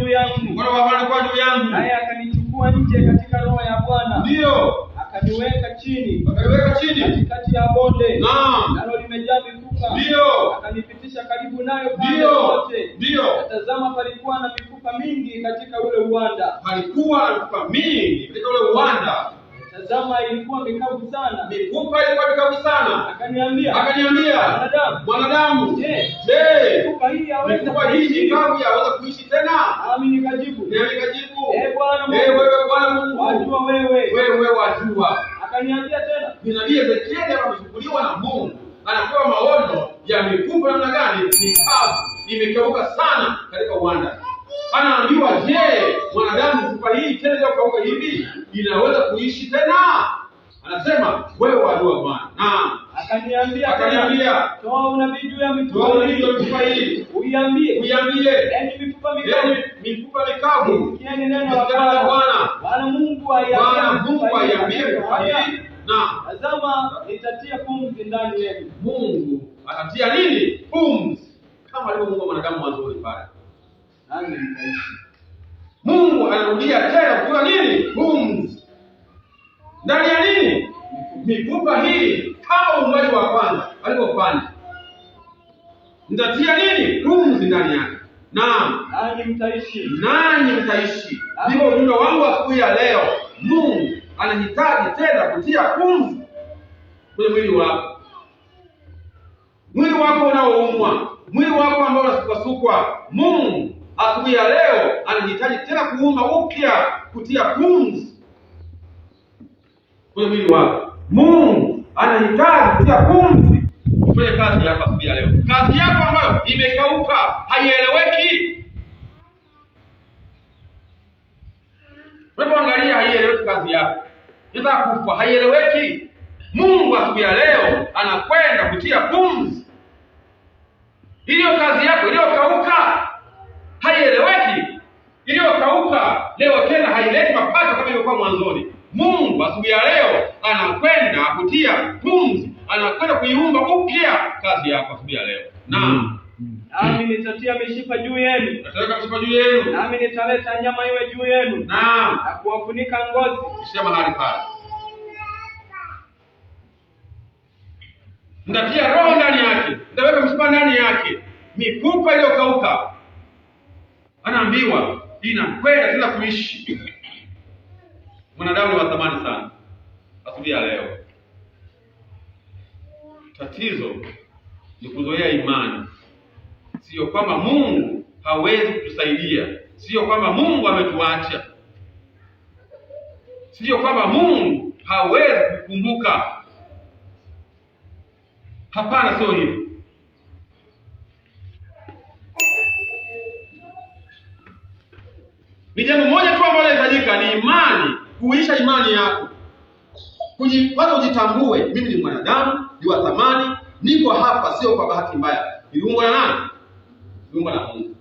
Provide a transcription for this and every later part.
juu yangu, wala walikuwa juu yangu, naye akanichukua nje katika roho ya Bwana, ndio akaniweka chini, akaniweka chini kati ya bonde, naam, nalo limejaa mifupa, ndio akanipitisha karibu nayo pande zote, ndio tazama, palikuwa na mifupa mingi katika ule uwanda, palikuwa mifupa mingi katika ule uwanda kama ilikuwa mikavu sana. Mifupa ilikuwa mikavu sana. Akaniambia, akaniambia mwanadamu, mwanadamu, je, mifupa hii hii mikavu yaweza kuishi tena? Nami nikajibu, nikajibu, eh Bwana eh, Mungu, eh wewe Bwana Mungu, wajua wewe, wewe wajua. Akaniambia tena, ninabii Ezekiel ameshughuliwa na Mungu, anapewa maono ya mifupa namna gani mikavu imekauka sana katika uwanda anajua, je, mwanadamu kufa hii tena kauka hivi inaweza kuishi tena? Anasema wewe wajua Bwana, na akaniambia akaniambia, toa unabii juu ya mifupa hii, hii. uiambie uiambie, yaani mifupa mikavu, yaani mifupa mikavu, kieni neno la Bwana. Bwana Bwana Mungu aiambie mifupa hii, na tazama, nitatia pumzi ndani yenu. Mungu atatia nini? Pumzi, kama alivyo Mungu mwanadamu mwanzoni pale nani mtaishi. Mungu anarudia tena kuwa nini? Pumzi ndani ya nini? Mifupa hii, kama umwali wa kwanza alipopanda, nitatia nini? Pumzi ndani yake Naam, Nani mtaishi, Nani mtaishi. Ndio ujumbe wangu siku ya leo. Mungu anahitaji tena kutia pumzi kwenye mwili wako, mwili wako unaoumwa, mwili wako ambao unasukasukwa. Mungu asubuhi ya leo anahitaji tena kuumba upya, kutia pumzi kwenye mwili wako. Mungu anahitaji kutia pumzi kwenye kazi yako asubuhi ya leo, kazi yako ambayo imekauka, haieleweki. Unapoangalia haieleweki kazi yako, inaweza kufa, haieleweki. Mungu asubuhi ya leo anakwenda kutia pumzi hiyo kazi yako iliyokauka haieleweki, iliyokauka leo tena haileti mapato kama ilivyokuwa mwanzoni. Mungu asubuhi ya leo anakwenda kutia pumzi, anakwenda kuiumba upya kazi yako asubuhi ya leo. na mm. Nami nitatia mishipa juu yenu, Nataka mishipa juu yenu, nami nitaleta nyama iwe juu yenu, naam, na kuwafunika ngozi. Kisha mahali pale nitatia roho ndani yake, nitaweka mishipa ndani yake, mifupa iliyokauka anaambiwa ina kwenda bila kuishi. Mwanadamu wa thamani sana asubuhi ya leo. Tatizo ni kuzoea imani, sio kwamba Mungu hawezi kutusaidia, sio kwamba Mungu ametuacha, sio kwamba Mungu hawezi kukumbuka. Hapana, sio hivyo. Ni jambo moja tu ambalo linahitajika ni imani, kuisha imani yako. Kwanza ujitambue, mimi ni mwanadamu, ni wa thamani, niko hapa sio kwa bahati mbaya. Niliumbwa na nani? Niliumbwa na Mungu.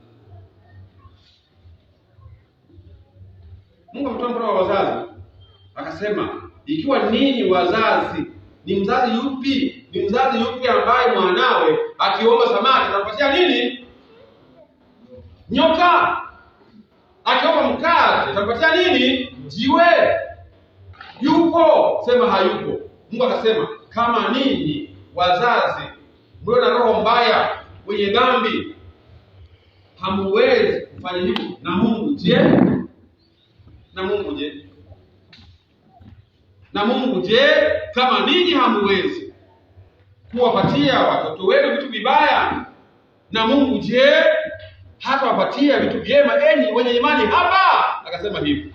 Mungu ametoa mfano wa wazazi, akasema ikiwa ninyi wazazi, ni mzazi yupi? Ni mzazi yupi ambaye mwanawe akiomba samaki anampatia nini? Nyoka akiomba mkate utakupatia nini? Jiwe. Yupo sema hayupo. Mungu akasema kama ninyi wazazi mlio na roho mbaya wenye dhambi hamuwezi kufanya hivyo na Mungu je? Na Mungu je? Na Mungu je? Kama ninyi hamuwezi kuwapatia watoto wenu vitu vibaya, na Mungu je? hata wapatia vitu vyema, enyi wenye imani haba. Akasema hivi,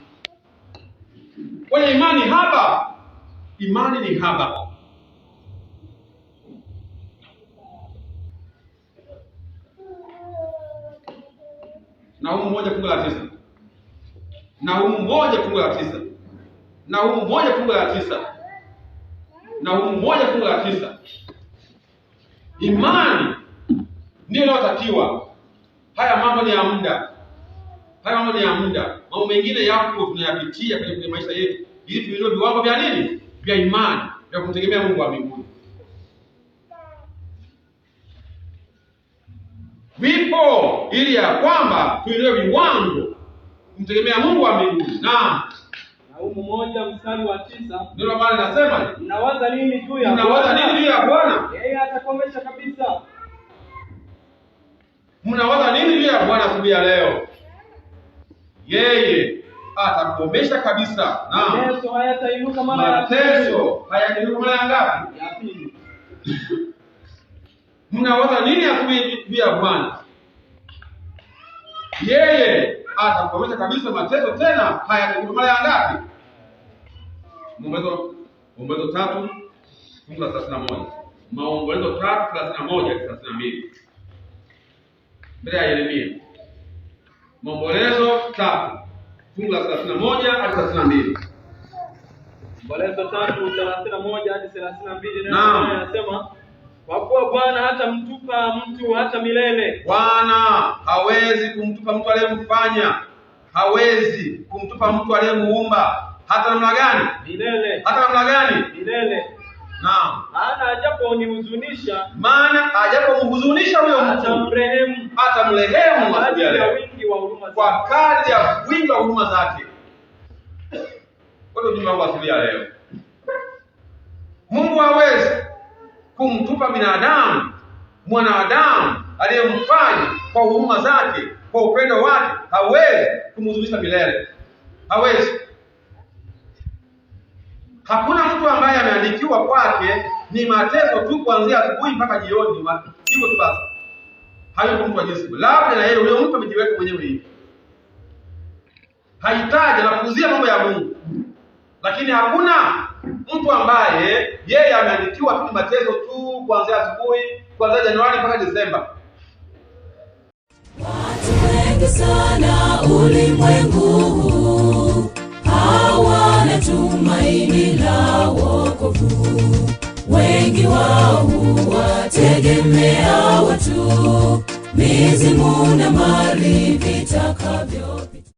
wenye imani haba. Imani ni haba. Naumu moja fungu la tisa. Naumu moja fungu la tisa. Naumu moja fungu la tisa. Naumu moja fungu la tisa. Imani ndiyo inayotakiwa Haya mambo ni ya muda, haya mambo ni ya muda. Mambo mengine yako tunayapitia kwenye maisha yetu ili tuinue viwango vya nini, vya imani, vya kumtegemea Mungu wa mbinguni. Vipo ili ya kwamba tuinue viwango kumtegemea Mungu wa mbinguni na Naumu moja mstari wa tisa. Ndio Bwana anasema, mnawaza nini juu ya Bwana? Mnawaza nini juu ya Bwana? Yeye atakomesha kabisa mnawaza nini juu ya Bwana siku ya leo? Yeye atakomesha kabisa, Naam, mateso hayatainuka mara ya ya ngapi? Ya pili. Mnawaza nini asubuhi juu ya Bwana? Yeye atakomesha kabisa, mateso tena hayatainuka mara ya ngapi? Maombolezo tatu fungu la thelathini na moja Maombolezo tatu thelathini na moja thelathini na mbili mbele ya Yeremia. Maombolezo tatu fungu la thelathini na moja hadi thelathini na mbili. Maombolezo tatu thelathini na moja hadi thelathini na mbili inasema kwa kuwa Bwana hatamtupa mtu hata milele. Bwana hawezi kumtupa mtu aliyemfanya, hawezi kumtupa mtu aliyemuumba hata namna gani? Milele. Hata namna gani? Milele maana Maana ajaponihuzunisha, maana ajapomhuzunisha huyo mtu atamrehemu, atamrehemu kwa kadri ya wingi wa huruma zake. Ujumbe wangu asilia leo, Mungu hawezi kumtupa binadamu mwanadamu aliyemfanya kwa huruma zake, kwa upendo wake, hawezi kumhuzunisha milele, hawezi Hakuna mtu ambaye ameandikiwa kwake ni mateso tu kuanzia asubuhi mpaka jioni, hivyo tu basi. Hayo mtu wa labda na yeye huyo mtu amejiweka mwenyewe hivi, hahitaji anakuuzia mambo ya Mungu, lakini hakuna mtu ambaye yeye ameandikiwa tu ni mateso tu kuanzia asubuhi, kuanzia Januari mpaka Desemba. Watu wengi sana ulimwengu tumaini la wokovu. Wengi wao huwategemea watu, mizimu na mali vitakavyo